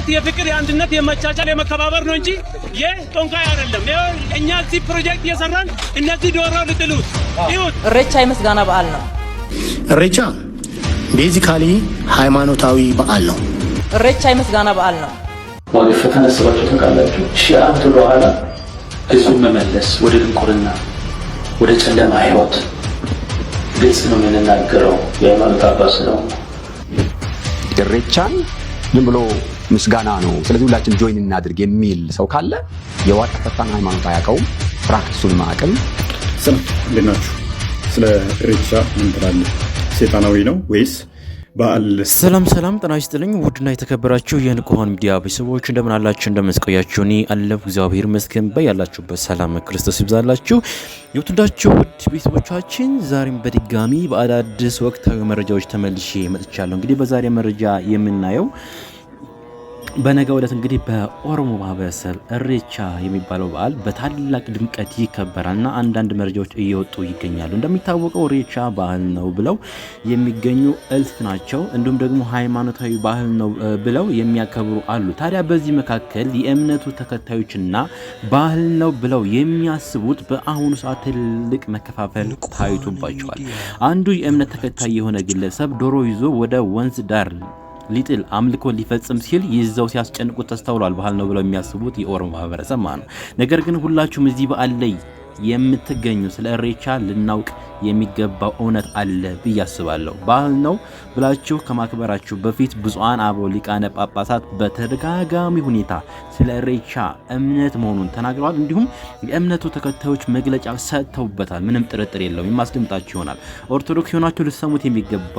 የአንድነት የፍቅር የአንድነት የመቻቻል የመከባበር ነው እንጂ የጦንቃይ አይደለም። እኛ እዚህ ፕሮጀክት እየሰራን እነዚህ ዶሮ ልጥሉት ይሁት። እሬቻ የምስጋና በዓል ነው። እሬቻ ቤዚካሊ ሃይማኖታዊ በዓል ነው። እሬቻ የምስጋና በዓል ነው። ወደፊት ተነስባችሁ ታውቃላችሁ። ሺህ ዓመት በኋላ ህዝቡን መመለስ ወደ ድንቁርና ወደ ጨለማ ህይወት ግልጽ ነው የምንናገረው። የሃይማኖት አባስ ነው እሬቻን ዝም ብሎ ምስጋና ነው። ስለዚህ ሁላችን ጆይን እናድርግ የሚል ሰው ካለ የዋጣ ፈታን ሃይማኖት አያውቀውም፣ ፕራክቲሱን ማዕቅም ስም እንዴት ናችሁ? ስለ ኢሬቻ ምን ትላለህ? ሴጣናዊ ነው ወይስ በዓል? ሰላም ሰላም፣ ጤና ይስጥልኝ ውድና የተከበራችሁ የንቁሆን ሚዲያ ቤተሰቦች እንደምን አላችሁ? እንደምንስቆያችሁ እኔ አለሁ እግዚአብሔር ይመስገን። በያላችሁበት ሰላም ክርስቶስ ይብዛላችሁ። የውትዳችሁ ውድ ቤተሰቦቻችን ዛሬም በድጋሚ በአዳዲስ ወቅታዊ መረጃዎች ተመልሼ መጥቻለሁ። እንግዲህ በዛሬ መረጃ የምናየው በነገ ዕለት እንግዲህ በኦሮሞ ማህበረሰብ እሬቻ የሚባለው በዓል በታላቅ ድምቀት ይከበራል እና አንዳንድ መረጃዎች እየወጡ ይገኛሉ። እንደሚታወቀው እሬቻ ባህል ነው ብለው የሚገኙ እልፍ ናቸው። እንዲሁም ደግሞ ሃይማኖታዊ ባህል ነው ብለው የሚያከብሩ አሉ። ታዲያ በዚህ መካከል የእምነቱ ተከታዮችና ባህል ነው ብለው የሚያስቡት በአሁኑ ሰዓት ትልቅ መከፋፈል ታይቶባቸዋል። አንዱ የእምነት ተከታይ የሆነ ግለሰብ ዶሮ ይዞ ወደ ወንዝ ዳር ሊጥል አምልኮ ሊፈጽም ሲል ይዘው ሲያስጨንቁት ተስተውሏል። ባህል ነው ብለው የሚያስቡት የኦሮሞ ማህበረሰብ ማለት ነው። ነገር ግን ሁላችሁም እዚህ በዓል ላይ የምትገኙ ስለ ኢሬቻ ልናውቅ የሚገባው እውነት አለ ብዬ አስባለሁ። ባህል ነው ብላችሁ ከማክበራችሁ በፊት ብፁዓን አበው ሊቃነ ጳጳሳት በተደጋጋሚ ሁኔታ ስለ ኢሬቻ እምነት መሆኑን ተናግረዋል። እንዲሁም የእምነቱ ተከታዮች መግለጫ ሰጥተውበታል። ምንም ጥርጥር የለውም። የማስደምጣችሁ ይሆናል። ኦርቶዶክስ የሆናችሁ ልሰሙት የሚገባ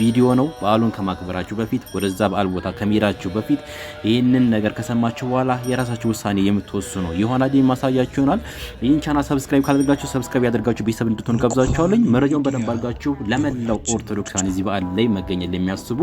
ቪዲዮ ነው። በዓሉን ከማክበራችሁ በፊት ወደዛ በዓል ቦታ ከመሄዳችሁ በፊት ይህንን ነገር ከሰማችሁ በኋላ የራሳችሁ ውሳኔ የምትወስኑ ነው ይሆናል። የማሳያችሁ ይሆናል። ይህን ቻና ሰብስክራይብ ካላደርጋችሁ ሰብስክራይብ ያደርጋችሁ ቤተሰብ እንድትሆን ጋብዛችኋለኝ። መረጃውን በደንብ አድርጋችሁ ለመላው ኦርቶዶክሳን እዚህ በዓል ላይ መገኘት የሚያስቡ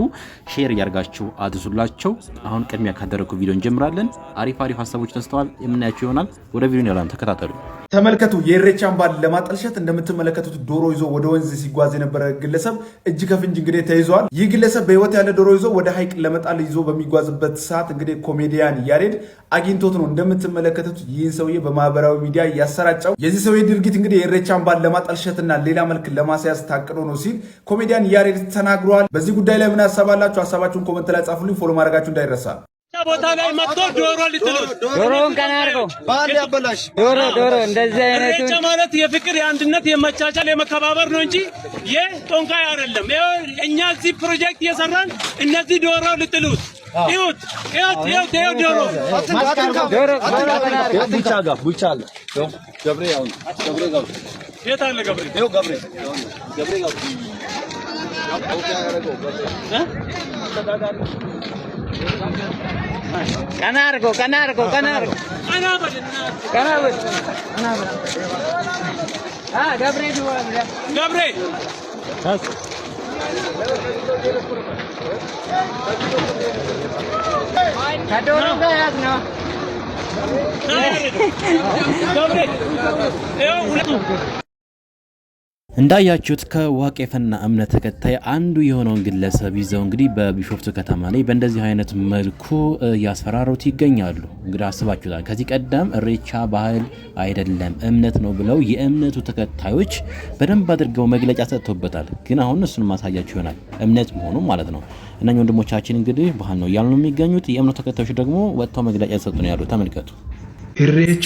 ሼር ያርጋችሁ አድርሱላቸው። አሁን ቅድሚያ ካደረግኩ ቪዲዮ እንጀምራለን። አሪፍ አሪፍ ሀሳቦች ተነስተዋል፣ የምናያቸው ይሆናል። ወደ ቪዲዮ ያላን ተከታተሉ። ተመልከቱ። የኢሬቻን በዓል ለማጠልሸት እንደምትመለከቱት ዶሮ ይዞ ወደ ወንዝ ሲጓዝ የነበረ ግለሰብ እጅ ከፍንጅ እንግዲህ ተይዟል። ይህ ግለሰብ በህይወት ያለ ዶሮ ይዞ ወደ ሀይቅ ለመጣል ይዞ በሚጓዝበት ሰዓት እንግዲህ ኮሜዲያን ያሬድ አግኝቶት ነው እንደምትመለከቱት ይህን ሰውዬ በማህበራዊ ሚዲያ ያሰራጨው። የዚህ ሰውዬ ድርጊት እንግዲህ የኢሬቻን በዓል ለማጠልሸትና ሌላ መልክ ለማስያዝ ታቅዶ ነው ሲል ኮሜዲያን ያሬድ ተናግሯል። በዚህ ጉዳይ ላይ ምን ሀሳብ አላችሁ? ሀሳባችሁን ኮመንት ላይ ጻፉልኝ። ፎሎ ማድረጋችሁ እንዳይረሳል። ቦታ ላይ መጥቶ ዶሮ ልትሉ ዶሮን ቀና አድርገው ባል ያበላሽ ዶሮ ዶሮ እንደዚህ አይነቱ እርቻ ማለት የፍቅር የአንድነት የመቻቻል የመከባበር ነው እንጂ የጦንካይ አይደለም። እኛ እዚህ ፕሮጀክት እየሰራን እነዚህ ዶሮ ልትሉት ይሁት ይሁት ይሁት ይሁት ዶሮ ዶሮ ቡቻ ጋር ቡቻ አለ ገብሬ ያው ገብሬ ጋር የት አለ ገብሬ ይኸው ገብሬ ገብሬ ጋር કનારકો કનારકો કનારકો કનારકો હા ગભરે જોવા ગભરે ખટોરો કયા જ ના ગભરે એવું እንዳያችሁት ከዋቄፈና እምነት ተከታይ አንዱ የሆነውን ግለሰብ ይዘው እንግዲህ በቢሾፍቱ ከተማ ላይ በእንደዚህ አይነት መልኩ እያስፈራሩት ይገኛሉ። እንግዲህ አስባችሁታል። ከዚህ ቀደም እሬቻ ባህል አይደለም እምነት ነው ብለው የእምነቱ ተከታዮች በደንብ አድርገው መግለጫ ሰጥቶበታል። ግን አሁን እሱን ማሳያችሁ ይሆናል፣ እምነት መሆኑ ማለት ነው። እነኝ ወንድሞቻችን እንግዲህ ባህል ነው እያሉ ነው የሚገኙት። የእምነቱ ተከታዮች ደግሞ ወጥተው መግለጫ የሰጡ ነው ያሉ። ተመልከቱ። እሬቻ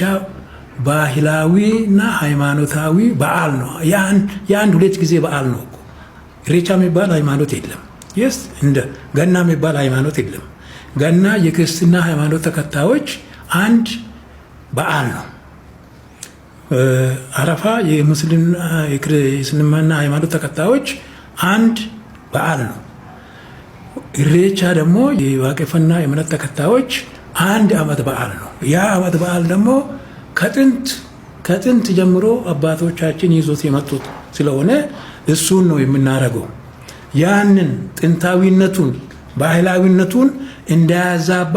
ባህላዊና ሃይማኖታዊ በዓል ነው። የአንድ ሁለት ጊዜ በዓል ነው እኮ ኢሬቻ የሚባል ሃይማኖት የለም። የስ እንደ ገና የሚባል ሃይማኖት የለም። ገና የክርስትና ሃይማኖት ተከታዮች አንድ በዓል ነው። አረፋ የእስልምና ሃይማኖት ተከታዮች አንድ በዓል ነው። ኢሬቻ ደግሞ የዋቄፈና የእምነት ተከታዮች አንድ ዓመት በዓል ነው። ያ ዓመት በዓል ደግሞ ከጥንት ከጥንት ጀምሮ አባቶቻችን ይዞት የመጡት ስለሆነ እሱን ነው የምናደርገው። ያንን ጥንታዊነቱን ባህላዊነቱን እንዳያዛባ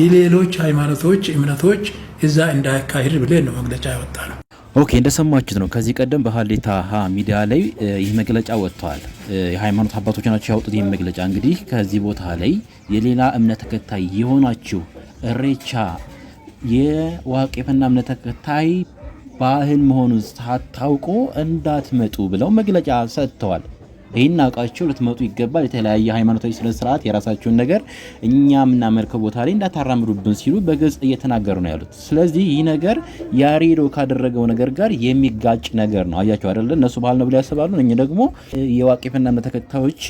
የሌሎች ሃይማኖቶች እምነቶች እዛ እንዳያካሂድ ብለን ነው መግለጫ ያወጣ ነው። ኦኬ እንደሰማችሁት ነው። ከዚህ ቀደም በሀሌታ ሀ ሚዲያ ላይ ይህ መግለጫ ወጥተዋል። የሃይማኖት አባቶች ናቸው ያወጡት ይህ መግለጫ። እንግዲህ ከዚህ ቦታ ላይ የሌላ እምነት ተከታይ የሆናችሁ እሬቻ የዋቄፈና እምነት ተከታይ ባህል መሆኑን ሳታውቁ እንዳትመጡ ብለው መግለጫ ሰጥተዋል። ይህን አውቃችሁ ልትመጡ ይገባል። የተለያየ ሃይማኖታዊ ስነ ስርዓት የራሳችሁን ነገር እኛ የምናመልከው ቦታ ላይ እንዳታራምዱብን ሲሉ በግልጽ እየተናገሩ ነው ያሉት። ስለዚህ ይህ ነገር ያሬዶ ካደረገው ነገር ጋር የሚጋጭ ነገር ነው። አያቸው አይደለ? እነሱ ባህል ነው ብለው ያስባሉ። እኛ ደግሞ የዋቄፈና እምነት ተከታዮች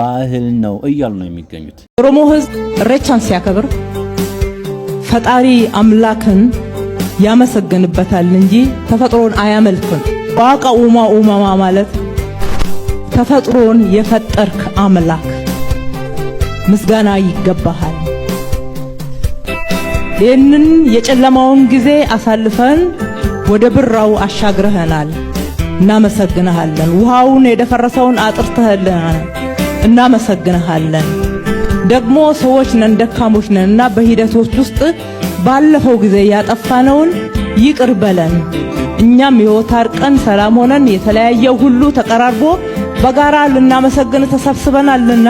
ባህል ነው እያሉ ነው የሚገኙት። ኦሮሞ ህዝብ እሬቻን ሲያከብር ፈጣሪ አምላክን ያመሰግንበታል እንጂ ተፈጥሮን አያመልክም። ዋቀ ኡማ ኡማማ ማለት ተፈጥሮን የፈጠርክ አምላክ ምስጋና ይገባሃል። ይህንን የጨለማውን ጊዜ አሳልፈን ወደ ብራው አሻግረህናል፣ እናመሰግንሃለን። ውሃውን የደፈረሰውን አጥርተህልናል፣ እናመሰግንሃለን። ደግሞ ሰዎች ነን፣ ደካሞች ነን እና በሂደቶች ውስጥ ባለፈው ጊዜ ያጠፋነውን ይቅር በለን። እኛም ሕይወት አርቀን ሰላም ሆነን የተለያየው ሁሉ ተቀራርቦ በጋራ ልናመሰግን ተሰብስበናልና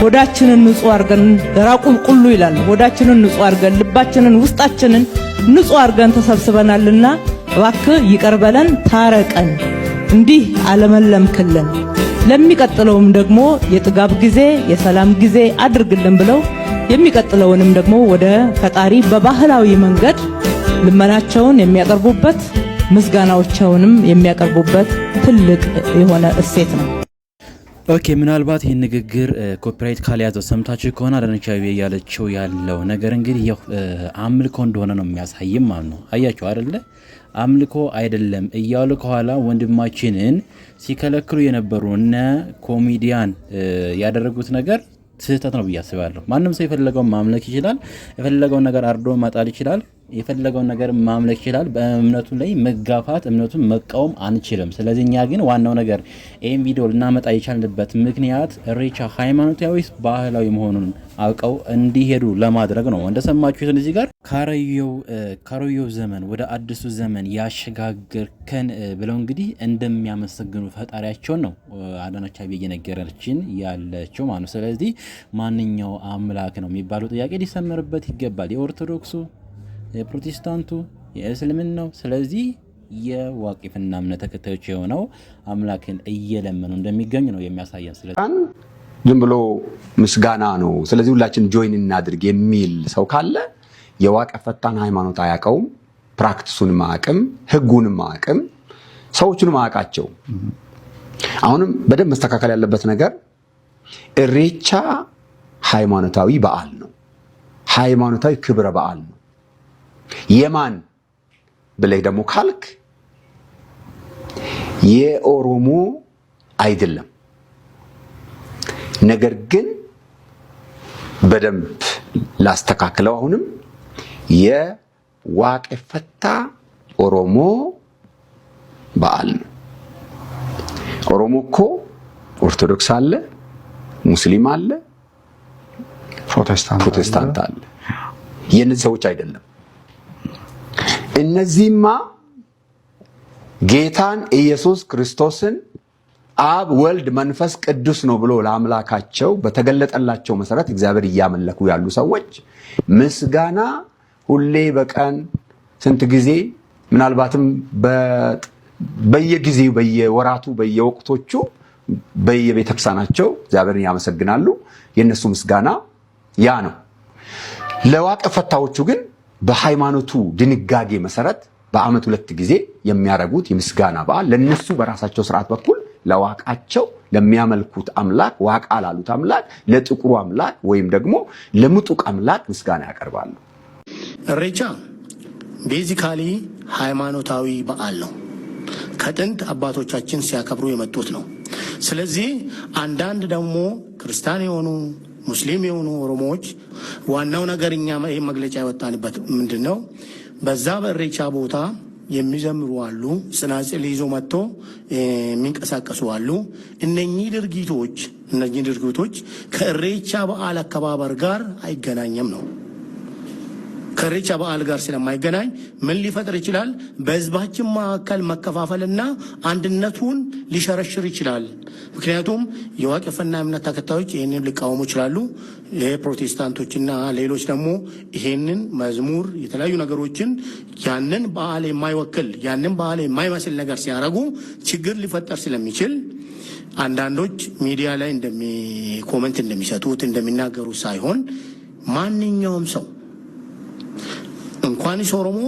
ሆዳችንን ንጹህ አርገን ራቁልቁሉ ይላል። ሆዳችንን ንጹህ አርገን ልባችንን፣ ውስጣችንን ንጹህ አርገን ተሰብስበናልና እባክህ ይቅር በለን፣ ታረቀን፣ እንዲህ አለመለምክልን። ለሚቀጥለውም ደግሞ የጥጋብ ጊዜ የሰላም ጊዜ አድርግልን ብለው የሚቀጥለውንም ደግሞ ወደ ፈጣሪ በባህላዊ መንገድ ልመናቸውን የሚያቀርቡበት ምስጋናዎቻቸውንም የሚያቀርቡበት ትልቅ የሆነ እሴት ነው። ኦኬ ምናልባት ይህ ንግግር ኮፒራይት ካልያዘው ሰምታችሁ ከሆነ አዳነች አቤቤ እያለችው ያለው ነገር እንግዲህ አምልኮ እንደሆነ ነው የሚያሳይም ማለት ነው። አያቸው አይደለ? አምልኮ አይደለም እያሉ ከኋላ ወንድማችንን ሲከለክሉ የነበሩ እነ ኮሚዲያን ያደረጉት ነገር ስህተት ነው ብዬ አስባለሁ። ማንም ሰው የፈለገውን ማምለክ ይችላል። የፈለገውን ነገር አርዶ ማጣል ይችላል። የፈለገውን ነገር ማምለክ ይችላል። በእምነቱ ላይ መጋፋት፣ እምነቱን መቃወም አንችልም። ስለዚህ እኛ ግን ዋናው ነገር ይህን ቪዲዮ ልናመጣ የቻልንበት ምክንያት ኢሬቻ ሃይማኖታዊ፣ ባህላዊ መሆኑን አውቀው እንዲሄዱ ለማድረግ ነው። እንደሰማችሁትን እዚህ ጋር ካሮየው ዘመን ወደ አዲሱ ዘመን ያሸጋገርከን ብለው እንግዲህ እንደሚያመሰግኑ ፈጣሪያቸውን ነው አዳነች አቤቤ እየነገረችን ያለችው ማለት ነው። ስለዚህ ማንኛው አምላክ ነው የሚባለው ጥያቄ ሊሰመርበት ይገባል። የኦርቶዶክሱ የፕሮቴስታንቱ፣ የእስልምናው ስለዚህ የዋቂፍና እምነት ተከታዮች የሆነው አምላክን እየለመኑ እንደሚገኙ ነው የሚያሳየን። ስለ ዝም ብሎ ምስጋና ነው። ስለዚህ ሁላችን ጆይን እናድርግ የሚል ሰው ካለ የዋቀ ፈታን ሃይማኖት አያውቀውም፣ ፕራክቲሱን ማቅም ህጉን ማቅም ሰዎቹንም ማቃቸው። አሁንም በደንብ መስተካከል ያለበት ነገር እሬቻ ሃይማኖታዊ በዓል ነው፣ ሃይማኖታዊ ክብረ በዓል ነው። የማን ብለህ ደግሞ ካልክ የኦሮሞ አይደለም። ነገር ግን በደንብ ላስተካክለው። አሁንም የዋቄ ፈታ ኦሮሞ በዓል ነው። ኦሮሞ እኮ ኦርቶዶክስ አለ፣ ሙስሊም አለ፣ ፕሮቴስታንት አለ። የእነዚህ ሰዎች አይደለም። እነዚህማ ጌታን ኢየሱስ ክርስቶስን አብ ወልድ መንፈስ ቅዱስ ነው ብሎ ለአምላካቸው በተገለጠላቸው መሰረት እግዚአብሔር እያመለኩ ያሉ ሰዎች ምስጋና ሁሌ በቀን ስንት ጊዜ ምናልባትም በየጊዜው በየወራቱ በየወቅቶቹ በየቤተክርስቲያናቸው እግዚአብሔርን ያመሰግናሉ። የእነሱ ምስጋና ያ ነው። ለዋቀ ፈታዎቹ ግን በሃይማኖቱ ድንጋጌ መሰረት በአመት ሁለት ጊዜ የሚያደርጉት የምስጋና በዓል ለነሱ በራሳቸው ስርዓት በኩል ለዋቃቸው ለሚያመልኩት አምላክ ዋቃ ላሉት አምላክ ለጥቁሩ አምላክ ወይም ደግሞ ለምጡቅ አምላክ ምስጋና ያቀርባሉ። እሬቻ ቤዚካሊ ሃይማኖታዊ በዓል ነው። ከጥንት አባቶቻችን ሲያከብሩ የመጡት ነው። ስለዚህ አንዳንድ ደግሞ ክርስቲያን የሆኑ ሙስሊም የሆኑ ኦሮሞዎች ዋናው ነገር እኛ ይህ መግለጫ ያወጣንበት ምንድን ነው? በዛ በእሬቻ ቦታ የሚዘምሩ አሉ፣ ጽናጽል ይዞ መጥቶ የሚንቀሳቀሱ አሉ። እነኚህ ድርጊቶች እነኚህ ድርጊቶች ከእሬቻ በዓል አከባበር ጋር አይገናኝም ነው ከሬቻ በዓል ጋር ስለማይገናኝ ምን ሊፈጥር ይችላል? በህዝባችን መካከል መከፋፈልና አንድነቱን ሊሸረሽር ይችላል። ምክንያቱም የዋቄፈና እምነት ተከታዮች ይህንን ሊቃወሙ ይችላሉ። ፕሮቴስታንቶችና ሌሎች ደግሞ ይሄንን መዝሙር፣ የተለያዩ ነገሮችን ያንን በዓል የማይወክል ያንን በዓል የማይመስል ነገር ሲያደርጉ ችግር ሊፈጠር ስለሚችል አንዳንዶች ሚዲያ ላይ እንደሚኮመንት እንደሚሰጡት እንደሚናገሩ ሳይሆን ማንኛውም ሰው እንኳንስ ኦሮሞ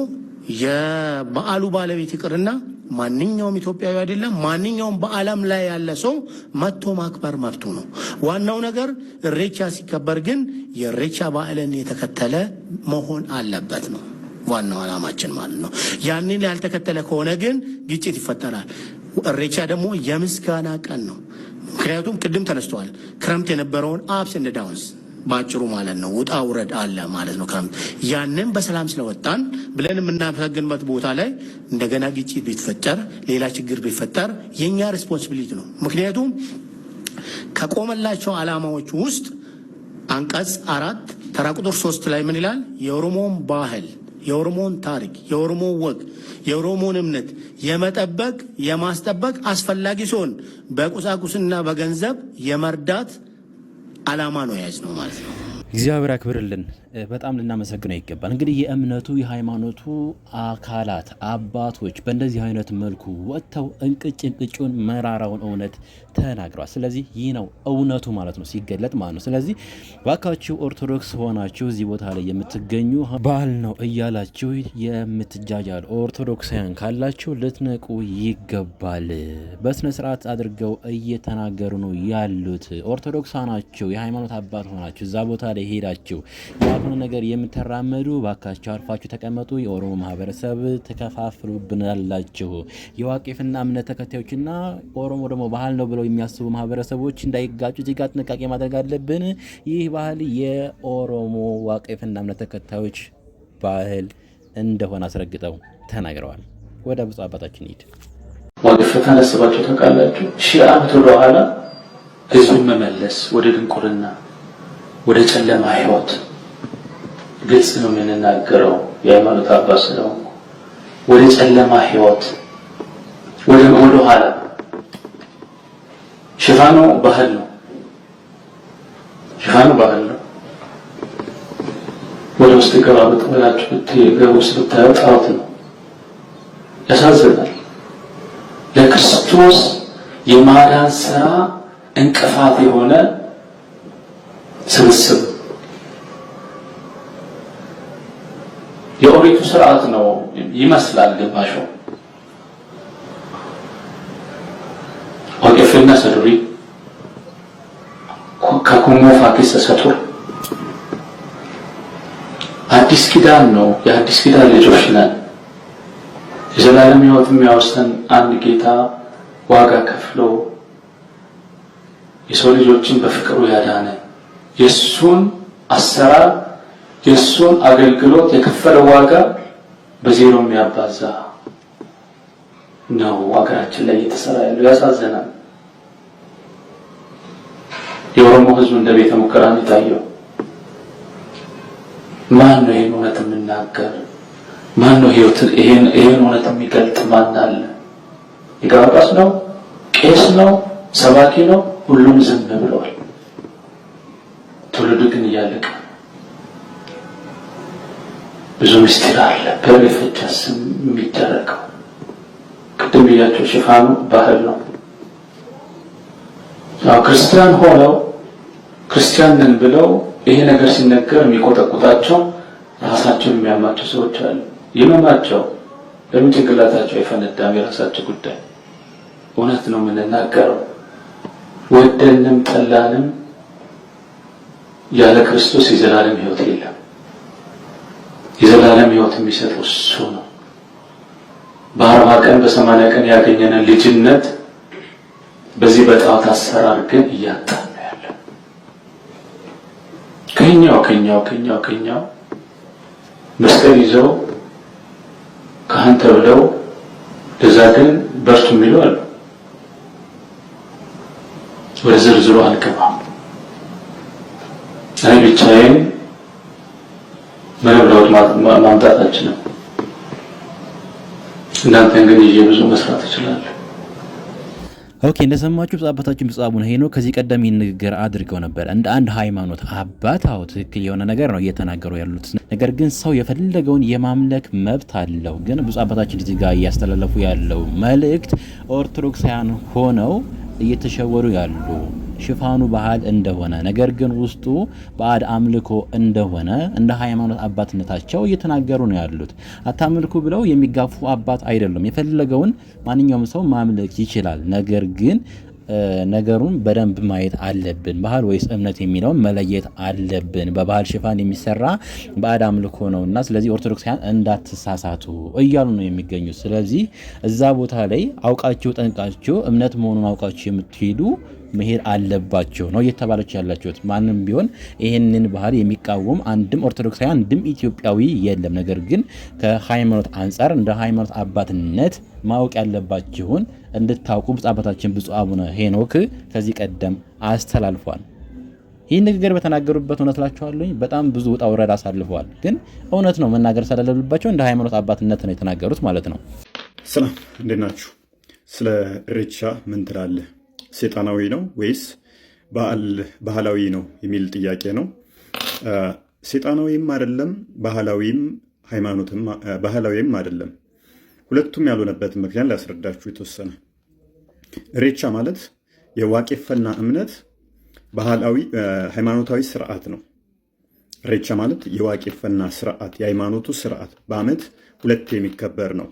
የበዓሉ ባለቤት ይቅርና ማንኛውም ኢትዮጵያዊ አይደለም፣ ማንኛውም በዓለም ላይ ያለ ሰው መጥቶ ማክበር መብቱ ነው። ዋናው ነገር እሬቻ ሲከበር ግን የእሬቻ በዓልን የተከተለ መሆን አለበት ነው ዋናው ዓላማችን ማለት ነው። ያንን ያልተከተለ ከሆነ ግን ግጭት ይፈጠራል። እሬቻ ደግሞ የምስጋና ቀን ነው። ምክንያቱም ቅድም ተነስተዋል ክረምት የነበረውን አፕስ ኤንድ ዳውንስ በአጭሩ ማለት ነው። ውጣ ውረድ አለ ማለት ነው። ያንን በሰላም ስለወጣን ብለን የምናመሰግንበት ቦታ ላይ እንደገና ግጭት ቢፈጠር፣ ሌላ ችግር ቢፈጠር የእኛ ሪስፖንሲቢሊቲ ነው። ምክንያቱም ከቆመላቸው አላማዎች ውስጥ አንቀጽ አራት ተራ ቁጥር ሶስት ላይ ምን ይላል? የኦሮሞን ባህል፣ የኦሮሞን ታሪክ፣ የኦሮሞን ወግ፣ የኦሮሞን እምነት የመጠበቅ የማስጠበቅ አስፈላጊ ሲሆን በቁሳቁስና በገንዘብ የመርዳት አላማ ነው የያዝነው ማለት ነው። እግዚአብሔር አክብርልን። በጣም ልናመሰግነው ይገባል። እንግዲህ የእምነቱ የሃይማኖቱ አካላት አባቶች በእንደዚህ አይነት መልኩ ወጥተው እንቅጭ እንቅጩን መራራውን እውነት ተናግረዋል። ስለዚህ ይህ ነው እውነቱ ማለት ነው ሲገለጥ ማለት ነው። ስለዚህ ባካችሁ ኦርቶዶክስ ሆናችሁ እዚህ ቦታ ላይ የምትገኙ ባል ነው እያላችሁ የምትጃጃል ኦርቶዶክሳውያን ካላችሁ ልትነቁ ይገባል። በስነ ስርዓት አድርገው እየተናገሩ ነው ያሉት። ኦርቶዶክስ ናቸው የሃይማኖት አባት ሆናችሁ እዛ ቦታ ላይ ሄዳችሁ ያልሆነ ነገር የምተራመዱ ባካቸው አርፋችሁ ተቀመጡ። የኦሮሞ ማህበረሰብ ተከፋፍሉብናላችሁ። የዋቄፍና እምነት ተከታዮችና ኦሮሞ ደግሞ ባህል ነው ብለው የሚያስቡ ማህበረሰቦች እንዳይጋጩ ዜጋ ጥንቃቄ ማድረግ አለብን። ይህ ባህል የኦሮሞ ዋቄፍና እምነት ተከታዮች ባህል እንደሆነ አስረግጠው ተናግረዋል። ወደ ብፁዕ አባታችን ሂድ። ዋቄፍ ታነስባችሁ ታውቃላችሁ። ሺህ ዓመት ወደኋላ ህዝቡን መመለስ ወደ ድንቁርና ወደ ጨለማ ህይወት ግልጽ ነው የምንናገረው የሃይማኖት አባት ስለሆንኩ ወደ ጨለማ ህይወት ወደ ወደ ኋላ ሽፋኑ ባህል ነው። ሽፋኑ ባህል ነው። ወደ ውስጥ ገባ በጥላችሁ ብትገቡ ውስጥ ብታዩ ጣዖት ነው። ያሳዝናል። ለክርስቶስ የማዳን ስራ እንቅፋት የሆነ ስብስብ የኦሪቱ ስርዓት ነው ይመስላል ግማሹ። ወቄፌና ሰዱሪ ከኩሞ ፋኪስ ሰቱር አዲስ ኪዳን ነው። የአዲስ ኪዳን ልጆች ነን። የዘላለም ህይወት የሚያወስተን አንድ ጌታ ዋጋ ከፍሎ የሰው ልጆችን በፍቅሩ ያዳነ የእሱን አሰራር የእሱን አገልግሎት የከፈለ ዋጋ በዜሮ የሚያባዛ ነው ሀገራችን ላይ እየተሰራ ያለው። ያሳዘናል የኦሮሞ ህዝብ እንደ ቤተ ሙከራ ነው የታየው። ማን ነው ይህን እውነት የምናገር ማን ነው ይህን እውነት የሚገልጥ? ማን አለ? ሊቀ ነው? ቄስ ነው? ሰባኪ ነው? ሁሉም ዝም ብለዋል። ትውልድ ግን እያለቀ ብዙ ምስጢር አለ በኢሬቻ ስም የሚደረገው። ቅድም ብያቸው ሽፋኑ ባህል ነው። ክርስቲያን ሆነው ክርስቲያን ነን ብለው ይሄ ነገር ሲነገር የሚቆጠቁጣቸው ራሳቸው የሚያማቸው ሰዎች አሉ። ይመማቸው ለምን ጭንቅላታቸው አይፈነዳም? የራሳቸው ጉዳይ። እውነት ነው የምንናገረው። ወደንም ጠላንም ያለ ክርስቶስ የዘላለም ህይወት የለም። የዘላለም ህይወት የሚሰጥ እሱ ነው። በአርባ ቀን በሰማንያ ቀን ያገኘንን ልጅነት በዚህ በጣዖት አሰራር ግን እያጣን ነው ያለ ከኛው ከኛው ከኛው ከኛው መስቀል ይዘው ካህን ተብለው ለዛ ግን በርቱ የሚሉ አሉ። ወደ ዝርዝሩ አልገባም። እኔ ብቻዬን ለውጥ ማምጣት አችልም እናንተን ግን ይዤ ብዙ መስራት እችላለሁ። ኦኬ እንደሰማችሁ ብፁዕ አባታችን ብፁዕ አቡነ ሄኖክ ከዚህ ቀደም ይህን ንግግር አድርገው ነበር። እንደ አንድ ሃይማኖት አባት አዎ ትክክል የሆነ ነገር ነው እየተናገሩ ያሉት። ነገር ግን ሰው የፈለገውን የማምለክ መብት አለው። ግን ብፁዕ አባታችን እዚህ ጋር እያስተላለፉ ያለው መልእክት ኦርቶዶክሳውያን ሆነው እየተሸወዱ ያሉ ሽፋኑ ባህል እንደሆነ ነገር ግን ውስጡ ባዕድ አምልኮ እንደሆነ እንደ ሃይማኖት አባትነታቸው እየተናገሩ ነው ያሉት። አታምልኩ ብለው የሚጋፉ አባት አይደሉም። የፈለገውን ማንኛውም ሰው ማምለክ ይችላል። ነገር ግን ነገሩን በደንብ ማየት አለብን። ባህል ወይስ እምነት የሚለውን መለየት አለብን። በባህል ሽፋን የሚሰራ ባዕድ አምልኮ ነው እና ስለዚህ ኦርቶዶክሳውያን እንዳትሳሳቱ እያሉ ነው የሚገኙት። ስለዚህ እዛ ቦታ ላይ አውቃችሁ ጠንቃችሁ እምነት መሆኑን አውቃችሁ የምትሄዱ መሄድ አለባቸው ነው እየተባለች ያላችሁት። ማንም ቢሆን ይህንን ባህል የሚቃወም አንድም ኦርቶዶክሳዊ አንድም ኢትዮጵያዊ የለም። ነገር ግን ከሃይማኖት አንጻር እንደ ሃይማኖት አባትነት ማወቅ ያለባችሁን እንድታውቁ ብፁዕ አባታችን ብፁዕ አቡነ ሄኖክ ከዚህ ቀደም አስተላልፏል። ይህ ንግግር በተናገሩበት እውነት ላቸዋለኝ በጣም ብዙ ውጣ ውረድ አሳልፈዋል። ግን እውነት ነው መናገር ስለሌለባቸው እንደ ሃይማኖት አባትነት ነው የተናገሩት ማለት ነው። ሰላም እንዴት ናችሁ? ስለ ኢሬቻ ምን ትላለህ? ሴጣናዊ ነው ወይስ ባህላዊ ነው የሚል ጥያቄ ነው። ሴጣናዊም አይደለም፣ ባህላዊም ሃይማኖትም ባህላዊም አይደለም። ሁለቱም ያልሆነበትን ምክንያት ላስረዳችሁ የተወሰነ። እሬቻ ማለት የዋቄፈና እምነት ባህላዊ ሃይማኖታዊ ስርዓት ነው። ኢሬቻ ማለት የዋቄፈና ስርዓት የሃይማኖቱ ስርዓት በአመት ሁለት የሚከበር ነው።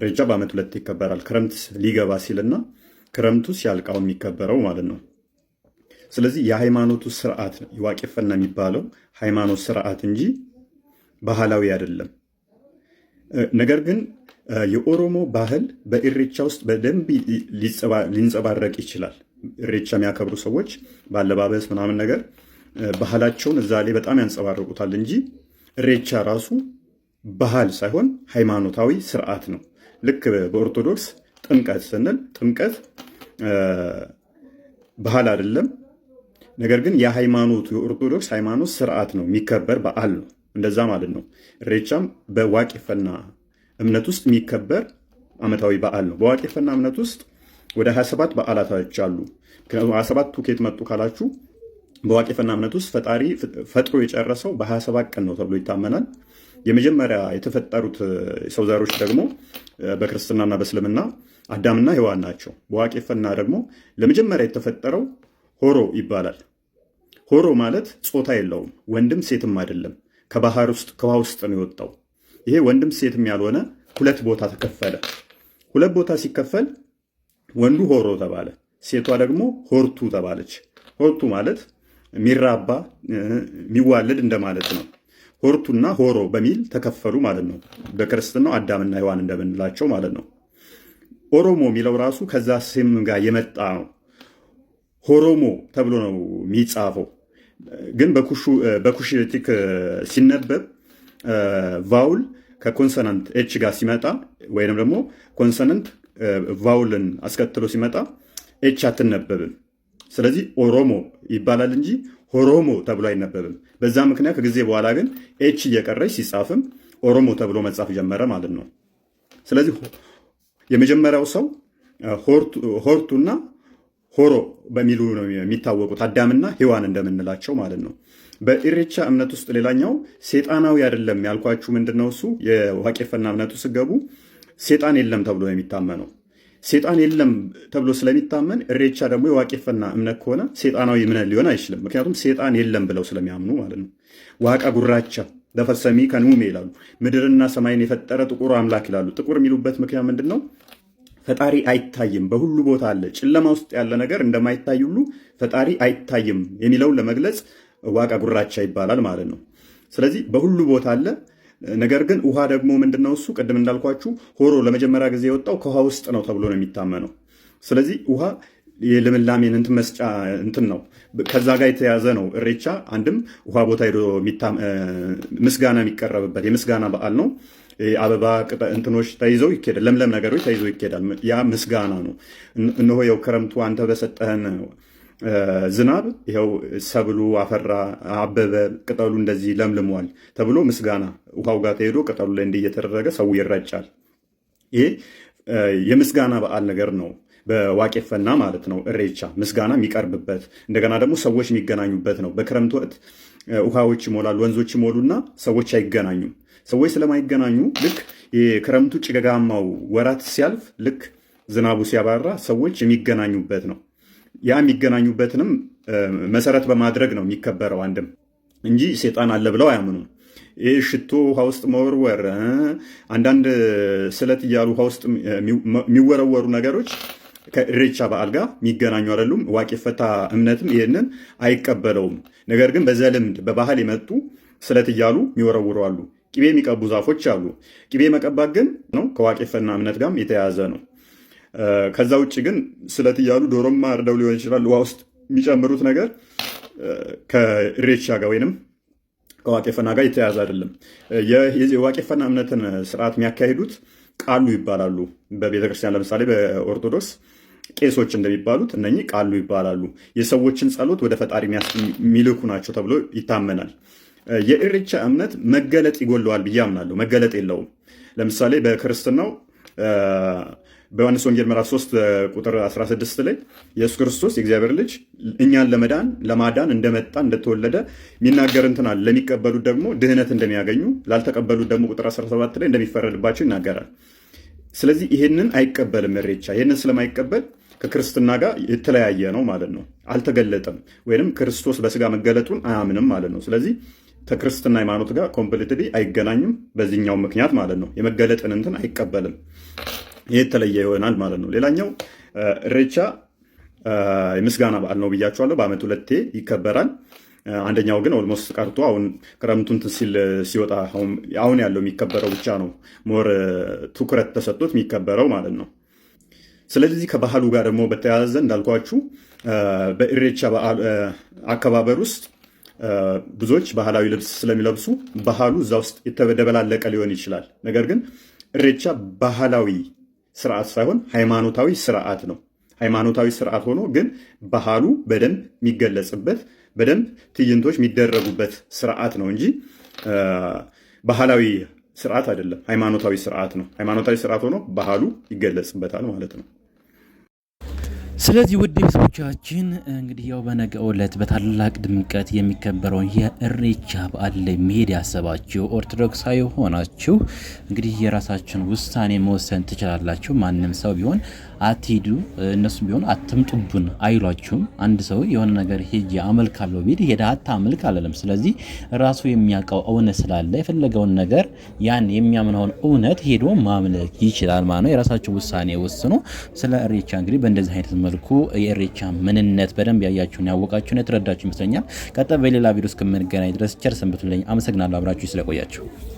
ኢሬቻ በአመት ሁለት ይከበራል። ክረምት ሊገባ ሲልና ክረምቱ ሲያልቃው የሚከበረው ማለት ነው። ስለዚህ የሃይማኖቱ ስርዓት ዋቄፈና የሚባለው ሃይማኖት ስርዓት እንጂ ባህላዊ አይደለም። ነገር ግን የኦሮሞ ባህል በኢሬቻ ውስጥ በደንብ ሊንጸባረቅ ይችላል። ኢሬቻ የሚያከብሩ ሰዎች በአለባበስ ምናምን ነገር ባህላቸውን እዛ ላይ በጣም ያንጸባርቁታል እንጂ ኢሬቻ ራሱ ባህል ሳይሆን ሃይማኖታዊ ስርዓት ነው። ልክ በኦርቶዶክስ ጥምቀት ስንል ጥምቀት ባህል አይደለም። ነገር ግን የሃይማኖቱ የኦርቶዶክስ ሃይማኖት ስርዓት ነው፣ የሚከበር በዓል ነው። እንደዛ ማለት ነው። እሬቻም በዋቄፈና እምነት ውስጥ የሚከበር ዓመታዊ በዓል ነው። በዋቄፈና እምነት ውስጥ ወደ 27 በዓላቶች አሉ። ምክንያቱም 27ቱ ከየት መጡ ካላችሁ በዋቄፈና እምነት ውስጥ ፈጣሪ ፈጥሮ የጨረሰው በ27 ቀን ነው ተብሎ ይታመናል። የመጀመሪያ የተፈጠሩት ሰው ዘሮች ደግሞ በክርስትናና በእስልምና አዳምና ሔዋን ናቸው። በዋቄፈና ደግሞ ለመጀመሪያ የተፈጠረው ሆሮ ይባላል። ሆሮ ማለት ጾታ የለውም፣ ወንድም ሴትም አይደለም። ከባህር ውስጥ ከውሃ ውስጥ ነው የወጣው። ይሄ ወንድም ሴትም ያልሆነ ሁለት ቦታ ተከፈለ። ሁለት ቦታ ሲከፈል ወንዱ ሆሮ ተባለ፣ ሴቷ ደግሞ ሆርቱ ተባለች። ሆርቱ ማለት ሚራባ የሚዋለድ እንደማለት ነው። ሆርቱና ሆሮ በሚል ተከፈሉ ማለት ነው። በክርስትናው አዳምና ሔዋን እንደምንላቸው ማለት ነው። ኦሮሞ የሚለው ራሱ ከዛ ስም ጋር የመጣ ነው። ሆሮሞ ተብሎ ነው የሚጻፈው። ግን በኩሽቲክ ሲነበብ ቫውል ከኮንሰናንት ኤች ጋር ሲመጣ ወይም ደግሞ ኮንሰናንት ቫውልን አስከትሎ ሲመጣ ኤች አትነበብም። ስለዚህ ኦሮሞ ይባላል እንጂ ሆሮሞ ተብሎ አይነበብም። በዛ ምክንያት ከጊዜ በኋላ ግን ኤች እየቀረች ሲጻፍም ኦሮሞ ተብሎ መጻፍ ጀመረ ማለት ነው። ስለዚህ የመጀመሪያው ሰው ሆርቱና ሆሮ በሚሉ ነው የሚታወቁት አዳምና ሔዋን እንደምንላቸው ማለት ነው። በኢሬቻ እምነት ውስጥ ሌላኛው ሴጣናዊ አይደለም ያልኳችሁ ምንድን ነው እሱ የዋቄፈና እምነቱ ስገቡ ሴጣን የለም ተብሎ የሚታመነው ሴጣን የለም ተብሎ ስለሚታመን እሬቻ ደግሞ የዋቄፈና እምነት ከሆነ ሴጣናዊ እምነት ሊሆን አይችልም። ምክንያቱም ሴጣን የለም ብለው ስለሚያምኑ ማለት ነው። ዋቃ ጉራቻ ለፈሰሚ ከኑሜ ይላሉ። ምድርና ሰማይን የፈጠረ ጥቁር አምላክ ይላሉ። ጥቁር የሚሉበት ምክንያት ምንድን ነው? ፈጣሪ አይታይም፣ በሁሉ ቦታ አለ። ጨለማ ውስጥ ያለ ነገር እንደማይታይ ሁሉ ፈጣሪ አይታይም የሚለውን ለመግለጽ ዋቃ ጉራቻ ይባላል ማለት ነው። ስለዚህ በሁሉ ቦታ አለ። ነገር ግን ውሃ ደግሞ ምንድነው? እሱ ቅድም እንዳልኳችሁ ሆሮ ለመጀመሪያ ጊዜ የወጣው ከውሃ ውስጥ ነው ተብሎ ነው የሚታመነው። ስለዚህ ውሃ የልምላሜን እንትን መስጫ እንትን ነው ከዛ ጋር የተያዘ ነው። እሬቻ አንድም ውሃ ቦታ ሄዶ ምስጋና የሚቀረብበት የምስጋና በዓል ነው። አበባ እንትኖች ተይዘው ይሄዳል። ለምለም ነገሮች ተይዘው ይሄዳል። ያ ምስጋና ነው። እነሆ የው ክረምቱ አንተ በሰጠህን ዝናብ ይኸው ሰብሉ አፈራ፣ አበበ፣ ቅጠሉ እንደዚህ ለምልሟል ተብሎ ምስጋና ውሃው ጋር ተሄዶ ቅጠሉ ላይ እንዲህ እየተደረገ ሰው ይረጫል። ይሄ የምስጋና በዓል ነገር ነው። በዋቄፈና ማለት ነው። እሬቻ ምስጋና የሚቀርብበት እንደገና ደግሞ ሰዎች የሚገናኙበት ነው። በክረምት ወቅት ውሃዎች ይሞላሉ፣ ወንዞች ይሞሉና ሰዎች አይገናኙም። ሰዎች ስለማይገናኙ ልክ የክረምቱ ጭጋጋማው ወራት ሲያልፍ ልክ ዝናቡ ሲያባራ ሰዎች የሚገናኙበት ነው። ያ የሚገናኙበትንም መሰረት በማድረግ ነው የሚከበረው አንድም እንጂ ሴጣን አለ ብለው አያምኑም። ይህ ሽቶ ውሃ ውስጥ መወርወር፣ አንዳንድ ስለት እያሉ ውሃ ውስጥ የሚወረወሩ ነገሮች ከእሬቻ በዓል ጋር የሚገናኙ አይደሉም። ዋቂ ፈታ እምነትም ይህንን አይቀበለውም። ነገር ግን በዘልምድ በባህል የመጡ ስለት እያሉ የሚወረውሩ አሉ። ቅቤ የሚቀቡ ዛፎች አሉ። ቅቤ መቀባት ግን ነው ከዋቂ ፈና እምነት ጋርም የተያያዘ ነው። ከዛ ውጭ ግን ስለት እያሉ ዶሮማ እርደው ሊሆን ይችላል ውሃ ውስጥ የሚጨምሩት ነገር ከኢሬቻ ጋር ወይንም ከዋቄ ፈና ጋር የተያያዘ አይደለም። የዋቄ ፈና እምነትን ስርዓት የሚያካሂዱት ቃሉ ይባላሉ። በቤተክርስቲያን ለምሳሌ በኦርቶዶክስ ቄሶች እንደሚባሉት እነኚህ ቃሉ ይባላሉ። የሰዎችን ጸሎት ወደ ፈጣሪ የሚልኩ ናቸው ተብሎ ይታመናል። የኢሬቻ እምነት መገለጥ ይጎለዋል ብዬ አምናለሁ። መገለጥ የለውም። ለምሳሌ በክርስትናው በዮሐንስ ወንጌል ምዕራፍ 3 ቁጥር 16 ላይ ኢየሱስ ክርስቶስ የእግዚአብሔር ልጅ እኛን ለመዳን ለማዳን እንደመጣ እንደተወለደ የሚናገር እንትናል ለሚቀበሉት ደግሞ ድህነት እንደሚያገኙ፣ ላልተቀበሉት ደግሞ ቁጥር 17 ላይ እንደሚፈረድባቸው ይናገራል። ስለዚህ ይህንን አይቀበልም። ኢሬቻ ይህንን ስለማይቀበል ከክርስትና ጋር የተለያየ ነው ማለት ነው። አልተገለጠም ወይም ክርስቶስ በስጋ መገለጡን አያምንም ማለት ነው። ስለዚህ ከክርስትና ሃይማኖት ጋር ኮምፕሊትሊ አይገናኝም በዚህኛው ምክንያት ማለት ነው። የመገለጥን እንትን አይቀበልም። ይህ የተለየ ይሆናል ማለት ነው። ሌላኛው እሬቻ የምስጋና በዓል ነው ብያቸዋለሁ። በዓመት ሁለቴ ይከበራል። አንደኛው ግን ኦልሞስት ቀርቶ አሁን ክረምቱ እንትን ሲል ሲወጣ አሁን ያለው የሚከበረው ብቻ ነው ሞር ትኩረት ተሰጥቶት የሚከበረው ማለት ነው። ስለዚህ ከባህሉ ጋር ደግሞ በተያያዘ እንዳልኳችሁ በኢሬቻ አከባበር ውስጥ ብዙዎች ባህላዊ ልብስ ስለሚለብሱ ባህሉ እዛ ውስጥ የተደበላለቀ ሊሆን ይችላል። ነገር ግን እሬቻ ባህላዊ ስርዓት ሳይሆን ሃይማኖታዊ ስርዓት ነው። ሃይማኖታዊ ስርዓት ሆኖ ግን ባህሉ በደንብ የሚገለጽበት በደንብ ትዕይንቶች የሚደረጉበት ስርዓት ነው እንጂ ባህላዊ ስርዓት አይደለም፣ ሃይማኖታዊ ስርዓት ነው። ሃይማኖታዊ ስርዓት ሆኖ ባህሉ ይገለጽበታል ማለት ነው። ስለዚህ ውድ ቤተሰቦቻችን እንግዲህ ያው በነገ ዕለት በታላቅ ድምቀት የሚከበረውን የእሬቻ በዓል ላይ መሄድ ያሰባችሁ ኦርቶዶክሳዊ ሆናችሁ እንግዲህ የራሳችን ውሳኔ መወሰን ትችላላችሁ። ማንም ሰው ቢሆን አትሂዱ፣ እነሱ ቢሆን አትምጡብን አይሏችሁም። አንድ ሰው የሆነ ነገር ሄጅ አመልካለሁ ቢል ሄደ አታመልክ አለለም። ስለዚህ ራሱ የሚያውቀው እውነት ስላለ የፈለገውን ነገር ያን የሚያምነውን እውነት ሄዶ ማምለክ ይችላል ማለት ነው። የራሳችሁ ውሳኔ ወስኖ ስለ እሬቻ እንግዲህ በእንደዚህ አይነት መልኩ የኢሬቻ ምንነት በደንብ ያያችሁን ያወቃችሁን የተረዳችሁ ይመስለኛል። ቀጠ በሌላ ቪዲዮ እስከምንገናኝ ድረስ ቸር ሰንብቱልኝ። አመሰግናለሁ አብራችሁ ስለቆያችሁ።